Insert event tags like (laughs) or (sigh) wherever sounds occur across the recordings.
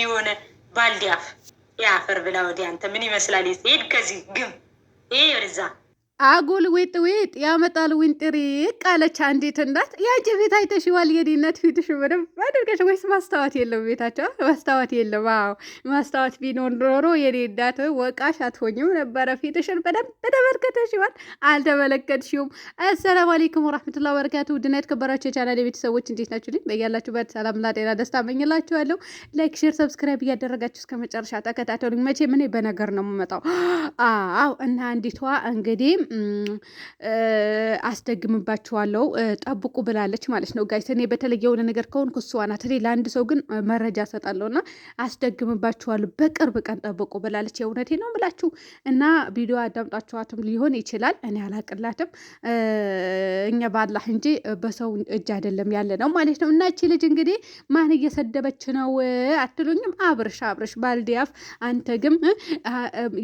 የሆነ ባልዲያፍ የአፈር ብላ ወዲያ አንተ ምን ይመስላል? ሄድ ከዚህ ግም ይሄ ወደዛ አጉል ዊጥ ዊጥ ያመጣል ዊንጥሪ ቃለች አንዲት እናት። የአንቺ ፊት አይተሽዋል፣ የዲነት ፊትሽ ምንም አድርገሽ ወይስ ማስታወት የለም? ቤታቸው ማስታወት የለም። አዎ ማስታወት ቢኖር ኖሮ የኔ እናት ወቃሽ አትሆኝም ነበረ። ፊትሽን በደንብ ተመልከተሽዋል፣ አልተመለከትሽውም። አሰላሙ አለይኩም ወራህመቱላ ወበረካቱ። ውድና የተከበራቸው የቻናል የቤተሰቦች እንዴት ናችሁ? ልኝ በያላችሁበት ሰላምና ጤና ደስታ መኝላችኋለሁ። ላይክ፣ ሼር፣ ሰብስክራይብ እያደረጋችሁ እስከ መጨረሻ ተከታተሉኝ። መቼ ምን በነገር ነው የምመጣው። አዎ እና አንዲቷ እንግዲህ አስደግምባችኋለሁ ጠብቁ ብላለች ማለት ነው ጋይስ። እኔ በተለይ የሆነ ነገር ከሆን እሷ ናት። እኔ ለአንድ ሰው ግን መረጃ ሰጣለሁ እና አስደግምባችኋለሁ በቅርብ ቀን ጠብቁ ብላለች። የእውነቴ ነው ብላችሁ እና ቪዲዮ አዳምጣችኋትም ሊሆን ይችላል። እኔ አላቅላትም። እኛ ባላህ እንጂ በሰው እጅ አይደለም ያለ ነው ማለት ነው። እና እቺ ልጅ እንግዲህ ማን እየሰደበች ነው አትሉኝም? አብርሽ አብርሽ ባልዲያፍ አንተ ግም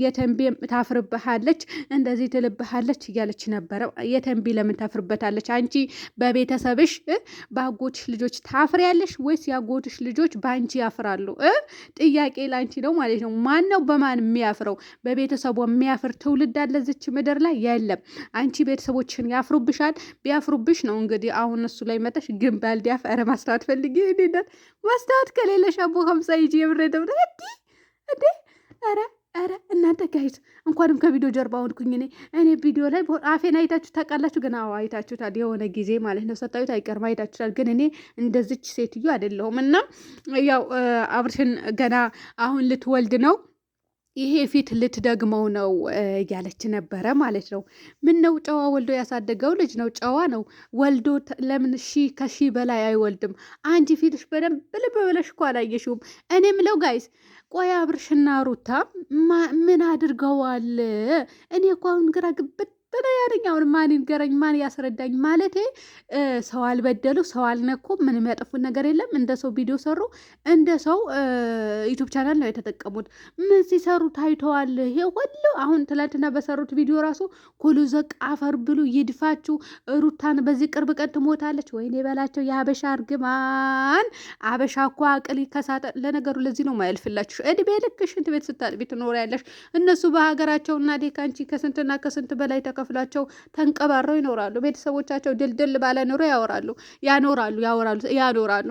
የተንቤም ታፍርብሃለች እንደዚህ ትልብሃ ታፍርብሃለች እያለች ነበረ። የተንቢ ለምን ታፍርበታለች? አንቺ በቤተሰብሽ በአጎትሽ ልጆች ታፍሪያለሽ ወይስ የአጎትሽ ልጆች በአንቺ ያፍራሉ? ጥያቄ ለአንቺ ነው ማለት ነው። ማን ነው በማን የሚያፍረው? በቤተሰቡ የሚያፍር ትውልድ አለ እዚች ምድር ላይ የለም። አንቺ ቤተሰቦችን ያፍሩብሻል። ቢያፍሩብሽ ነው እንግዲህ አሁን እሱ ላይ መጠሽ ግን ባልዲያፍ ረ ማስታወት ፈልጊ ይሄዳል። ማስታወት ከሌለሽ አቦ ከምሳ ይጂ የምረደው እንዴ እንዴ ረ ኧረ እናንተ ጋይዝ እንኳንም ከቪዲዮ ጀርባ ሆንኩኝ። እኔ እኔ ቪዲዮ ላይ አፌን አይታችሁ ታውቃላችሁ። ግን አዎ አይታችሁታል፣ የሆነ ጊዜ ማለት ነው። ሰታዩት አይቀርም አይታችሁታል። ግን እኔ እንደዚች ሴትዮ አይደለሁም። እና ያው አብርሽን ገና አሁን ልትወልድ ነው ይሄ ፊት ልትደግመው ነው እያለች ነበረ ማለት ነው። ምን ነው ጨዋ ወልዶ ያሳደገው ልጅ ነው፣ ጨዋ ነው ወልዶ። ለምን ሺ ከሺ በላይ አይወልድም? አንቺ ፊትሽ በደንብ ልብ ብለሽ እኮ አላየሽውም። እኔ ምለው ጋይስ፣ ቆይ አብርሽና ሩታ ምን አድርገዋል? እኔ እኮ አሁን ግራ ግብት ያደኝ። አሁን ማን ይንገረኝ ማን ያስረዳኝ? ማለቴ ሰው አልበደሉ ሰው አልነኩ ምንም ያጠፉት ነገር የለም። እንደ ሰው ቪዲዮ ሰሩ፣ እንደ ሰው ዩቱብ ቻናል ነው የተጠቀሙት። ምን ሲሰሩ ታይተዋል? ይሄ ሁሉ አሁን ትላንትና በሰሩት ቪዲዮ ራሱ ኩሉ ዘቅ አፈር ብሉ ይድፋችሁ፣ ሩታን በዚህ ቅርብ ቀን ትሞታለች። ወይኔ በላቸው የአበሻ እርግማን። አበሻ እኮ አቅል ከሳጠ። ለነገሩ ለዚህ ነው ማያልፍላችሁ። እድሜ ልክ ሽንት ቤት ስታጥቢ ትኖሪያለሽ። እነሱ በሀገራቸውና ዴካንቺ ከስንትና ከስንት በላይ ተከ ከፍላቸው ተንቀባረው ይኖራሉ። ቤተሰቦቻቸው ድልድል ባለ ኑሮ ያወራሉ ያኖራሉ ያወራሉ ያኖራሉ።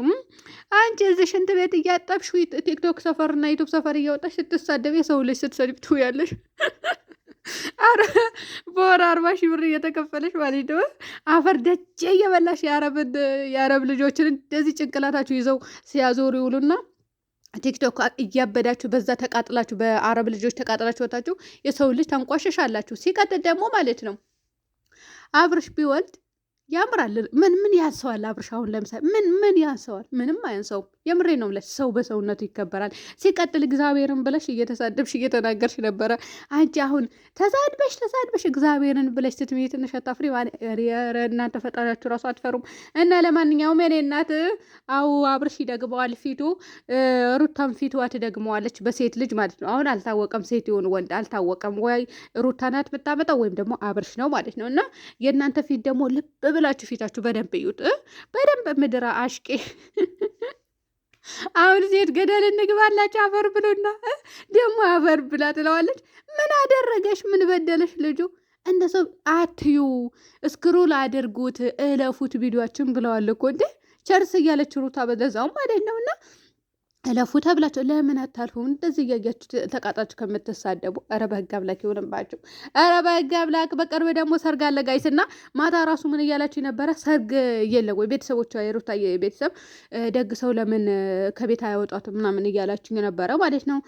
አንቺ እዚህ ሽንት ቤት እያጠብሽ ቲክቶክ ሰፈር እና ዩቱብ ሰፈር እያወጣሽ ስትሳደብ የሰው ልጅ ስትሰድብ ትውያለሽ። (laughs) በወር አርባ ሺህ ብር እየተከፈለሽ ማለት ደ አፈር ደቼ እየበላሽ የአረብ ልጆችን እንደዚህ ጭንቅላታቸው ይዘው ሲያዞሩ ይውሉና ቲክቶክ እያበዳችሁ በዛ ተቃጥላችሁ በአረብ ልጆች ተቃጥላችሁ ወታችሁ የሰው ልጅ ታንቋሸሻላችሁ። ሲቀጥል ደግሞ ማለት ነው አብርሽ ቢወልድ ያምራል። ምን ምን ያንሰዋል? አብርሽ አሁን ለምሳሌ ምን ምን ያንሰዋል? ምንም አያንሰውም። የምሬ ነው ብለሽ ሰው በሰውነቱ ይከበራል። ሲቀጥል እግዚአብሔርን ብለሽ እየተሳደብሽ እየተናገርሽ ነበረ። አንቺ አሁን ተሳድበሽ ተሳድበሽ እግዚአብሔርን ብለሽ ስትምይ ትንሽ አታፍሪ? እናንተ ፈጣሪያችሁ ራሱ አትፈሩም። እና ለማንኛውም እኔ እናት አው አብርሽ ይደግመዋል ፊቱ፣ ሩታም ፊትዋ ትደግመዋለች። በሴት ልጅ ማለት ነው። አሁን አልታወቀም፣ ሴት ይሁን ወንድ አልታወቀም። ወይ ሩታ ናት ወይም ደግሞ አብርሽ ነው ማለት ነው። እና የእናንተ ፊት ደግሞ ልብ ብላችሁ ፊታችሁ በደንብ እዩት። በደንብ ምድረ አሽቄ (laughs) አሁን ሴት ገደል እንግባላችሁ። አፈር ብሎና ደግሞ አፈር ብላ ትለዋለች። ምን አደረገሽ? ምን በደለሽ? ልጁ እንደ ሰው አትዩ፣ እስክሩል አድርጉት፣ እለፉት ቪዲዮችን ብለዋል እኮ እንዴ ቸርስ እያለች ሩታ በለዛውም ማለት ነው እና እለፉ ተብላችሁ ለምን አታልፉም? እንደዚህ እያያችሁ ተቃጣችሁ ከምትሳደቡ፣ ኧረ በህግ አምላክ ይሆንባችሁ። ኧረ በህግ አምላክ። በቅርብ ደግሞ ሰርግ አለ ጋይስ እና ማታ ራሱ ምን እያላችሁ የነበረ ሰርግ የለ ወይ ቤተሰቦች፣ የሩታ ቤተሰብ ደግ ሰው ለምን ከቤት አያወጧትም ምናምን እያላችሁ የነበረ ማለት ነው።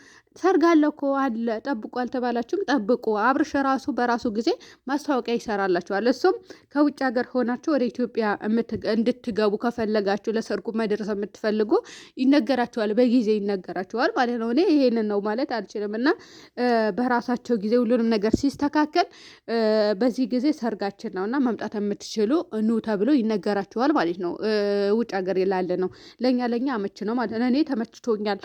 ሰርግ አለ እኮ አለ፣ ጠብቁ አልተባላችሁም? ጠብቁ። አብርሽ ራሱ በራሱ ጊዜ ማስታወቂያ ይሰራላችኋል። እሱም ከውጭ ሀገር ሆናችሁ ወደ ኢትዮጵያ እንድትገቡ ከፈለጋችሁ ለሰርጉ መድረስ የምትፈልጉ ይነገራችኋል። በጊዜ ይነገራቸዋል ማለት ነው። እኔ ይሄንን ነው ማለት አልችልም እና በራሳቸው ጊዜ ሁሉንም ነገር ሲስተካከል በዚህ ጊዜ ሰርጋችን ነው እና መምጣት የምትችሉ ኑ ተብሎ ይነገራቸዋል ማለት ነው። ውጭ ሀገር ላለ ነው ለእኛ ለእኛ አመች ነው ማለት ነው። እኔ ተመችቶኛል።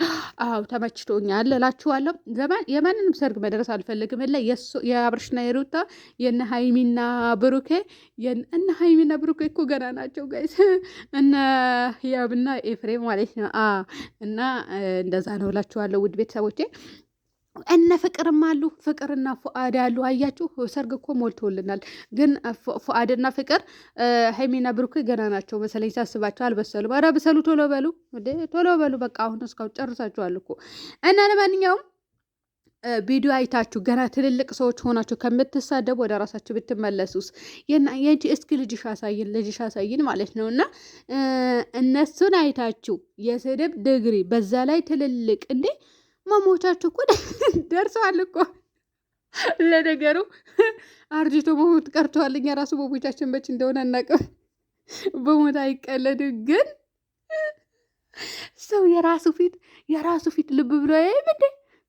አዎ ተመችቶኛል እላችኋለሁ። የማንንም ሰርግ መድረስ አልፈልግም። ለ የአብርሽና የሩታ የነ ሀይሚና ብሩኬ እነ ሀይሚና ብሩኬ እኮ ገና ናቸው ጋይስ እነ ያብና ኤፍሬም ማለት ነው እና እንደዛ ነው እላችኋለሁ ውድ ቤተሰቦቼ። እነ ፍቅርም አሉ ፍቅርና ፉአድ አሉ። አያችሁ ሰርግ እኮ ሞልቶልናል። ግን ፉአድና ፍቅር ሀይሚና ብሩክ ገና ናቸው መሰለኝ ሳስባቸው አልበሰሉም። ኧረ በሰሉ ቶሎ በሉ ቶሎ በሉ። በቃ አሁን እስካሁን ጨርሳችኋል እኮ እና ለማንኛውም ቪዲዮ አይታችሁ ገና ትልልቅ ሰዎች ሆናችሁ ከምትሳደቡ ወደ ራሳችሁ ብትመለሱስ? የእጅ እስኪ ልጅሽ አሳይን ልጅሽ አሳይን ማለት ነው። እና እነሱን አይታችሁ የስድብ ድግሪ በዛ ላይ ትልልቅ እንዴ መሞቻችሁ እኮ (laughs) ደርሰዋል እኮ። (laughs) ለነገሩ (laughs) አርጅቶ መሞት ቀርተዋል። እኛ ራሱ መሞቻችን መች እንደሆነ አናውቅም። በሞት አይቀለድም ግን ሰው የራሱ ፊት የራሱ ፊት ልብ ብሎ ይም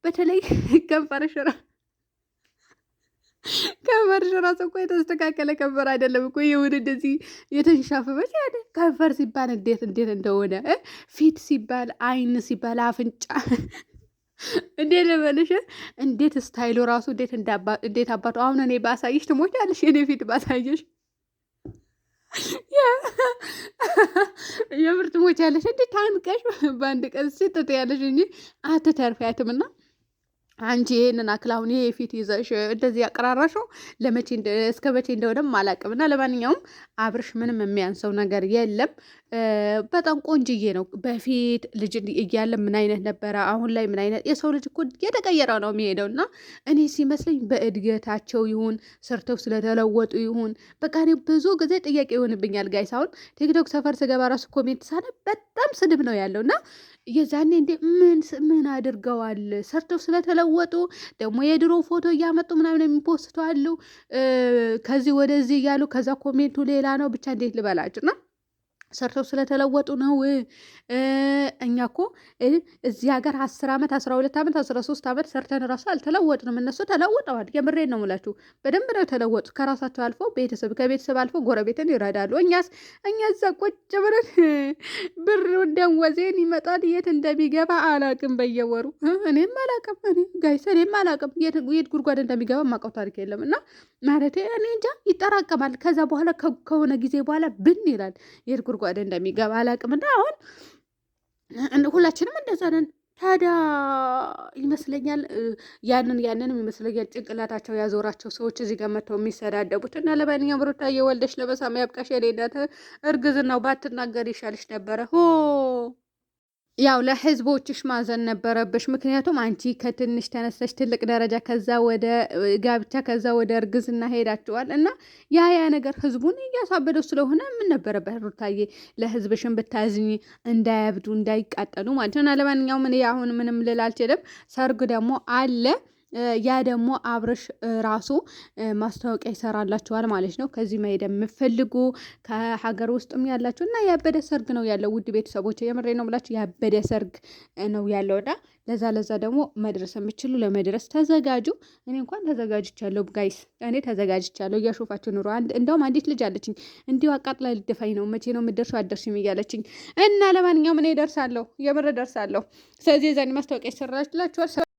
በተለይ (laughs) ከንፈር ሽራ (laughs) ከንፈር ሽራ ሰው እኮ የተስተካከለ ከንፈር አይደለም እኮ ይሁን እንደዚህ የተንሻፈበች ያለ ከንፈር ሲባል እንዴት እንዴት እንደሆነ ፊት ሲባል አይን ሲባል አፍንጫ (laughs) እንዴት ልበልሽ? እንዴት ስታይሉ ራሱ እንዴት እንዴት አባቱ አሁን እኔ ባሳይሽ ትሞቻለሽ። የኔ ፊት ባሳየሽ የምር ያለሽ እንዴት ታንቀሽ በአንድ ቀን ሲጥጥ ያለሽ እንጂ አትተርፊያትምና አንቺ ይሄንን አክል አሁን ይሄ ፊት ይዘሽ እንደዚህ ያቀራራሽው ለመቼ እስከ መቼ እንደሆነም አላቅም። እና ለማንኛውም አብርሽ ምንም የሚያንሰው ነገር የለም። በጣም ቆንጅዬ ነው። በፊት ልጅ እያለ ምን አይነት ነበረ፣ አሁን ላይ ምን አይነት። የሰው ልጅ እኮ የተቀየረ ነው የሚሄደው። እና እኔ ሲመስለኝ በእድገታቸው ይሁን ሰርተው ስለተለወጡ ይሁን በቃ እኔ ብዙ ጊዜ ጥያቄ ይሆንብኛል። ጋይስ አሁን ቲክቶክ ሰፈር ስገባ ራሱ ኮሜንት ሳነ በጣም ስድብ ነው ያለው እና የዛኔ እንዴ ምን ምን አድርገዋል? ሰርተው ስለተለወጡ ደግሞ የድሮ ፎቶ እያመጡ ምናምን የሚፖስተዋሉ ከዚህ ወደዚህ እያሉ ከዛ ኮሜንቱ ሌላ ነው። ብቻ እንዴት ልበላችሁ ነው ሰርተው ስለተለወጡ ነው። እኛ እኮ እዚህ ሀገር አስር ዓመት አስራ ሁለት ዓመት አስራ ሶስት ዓመት ሰርተን ራሱ አልተለወጥንም። እነሱ ተለውጠዋል። የምሬን ነው የምላችሁ። በደንብ ነው የተለወጡ። ከራሳቸው አልፎ ቤተሰብ፣ ከቤተሰብ አልፎ ጎረቤትን ይረዳሉ። እኛስ እኛ እዛ ቁጭ ብለን (laughs) ብር ደንወዜን ይመጣል የት እንደሚገባ አላቅም። በየወሩ እኔም አላቅም። እኔ ጋይስ እኔም አላቅም የት ጉድጓድ እንደሚገባ ማውቀው ታሪክ የለም። እና ማለቴ እኔ እንጃ ይጠራቀማል። ከዛ በኋላ ከሆነ ጊዜ በኋላ ብን ይላል የት ጉድጓድ እንደሚገባ አላቅምና አሁን ሁላችንም እንደዛ ነን። ታዲያ ይመስለኛል ያንን ያንንም ይመስለኛል ጭንቅላታቸው ያዞራቸው ሰዎች እዚህ ጋር መጥተው የሚሰዳደቡት እና ለማንኛውም ሩታዬ የወልደሽ ለመሳም ያብቃሽ። የኔ እናት እርግዝናው ባትናገር ይሻልሽ ነበረ ሆ ያው ለህዝቦችሽ ማዘን ነበረብሽ። ምክንያቱም አንቺ ከትንሽ ተነስተሽ ትልቅ ደረጃ ከዛ ወደ ጋብቻ ከዛ ወደ እርግዝና ሄዳችኋል እና ያ ያ ነገር ህዝቡን እያሳበደው ስለሆነ ምን ነበረበት ሩታዬ ለህዝብሽን ብታዝኝ እንዳያብዱ እንዳይቃጠሉ ማለት ነው። እና ለማንኛውም እኔ አሁን ምንም ልል አልችልም። ሰርግ ደግሞ አለ ያ ደግሞ አብርሽ ራሱ ማስታወቂያ ይሰራላችኋል ማለት ነው። ከዚህ መሄድ የምፈልጉ ከሀገር ውስጥም ያላችሁ እና ያበደ ሰርግ ነው ያለው። ውድ ቤተሰቦች የምሬ ነው ብላችሁ ያበደ ሰርግ ነው ያለው እና ለዛ ለዛ ደግሞ መድረስ የምችሉ ለመድረስ ተዘጋጁ። እኔ እንኳን ተዘጋጅቻለሁ ጋይስ፣ እኔ ተዘጋጅቻለሁ። እያሾፋችሁ ኑሮ እንደውም አንዲት ልጅ አለችኝ እንዲሁ አቃጥላ ልደፋኝ ነው መቼ ነው የምደርሰው አደርሽም እያለችኝ እና ለማንኛውም እኔ ደርሳለሁ፣ የምር ደርሳለሁ። ስለዚህ የዛኔ ማስታወቂያ ይሰራችላችኋል።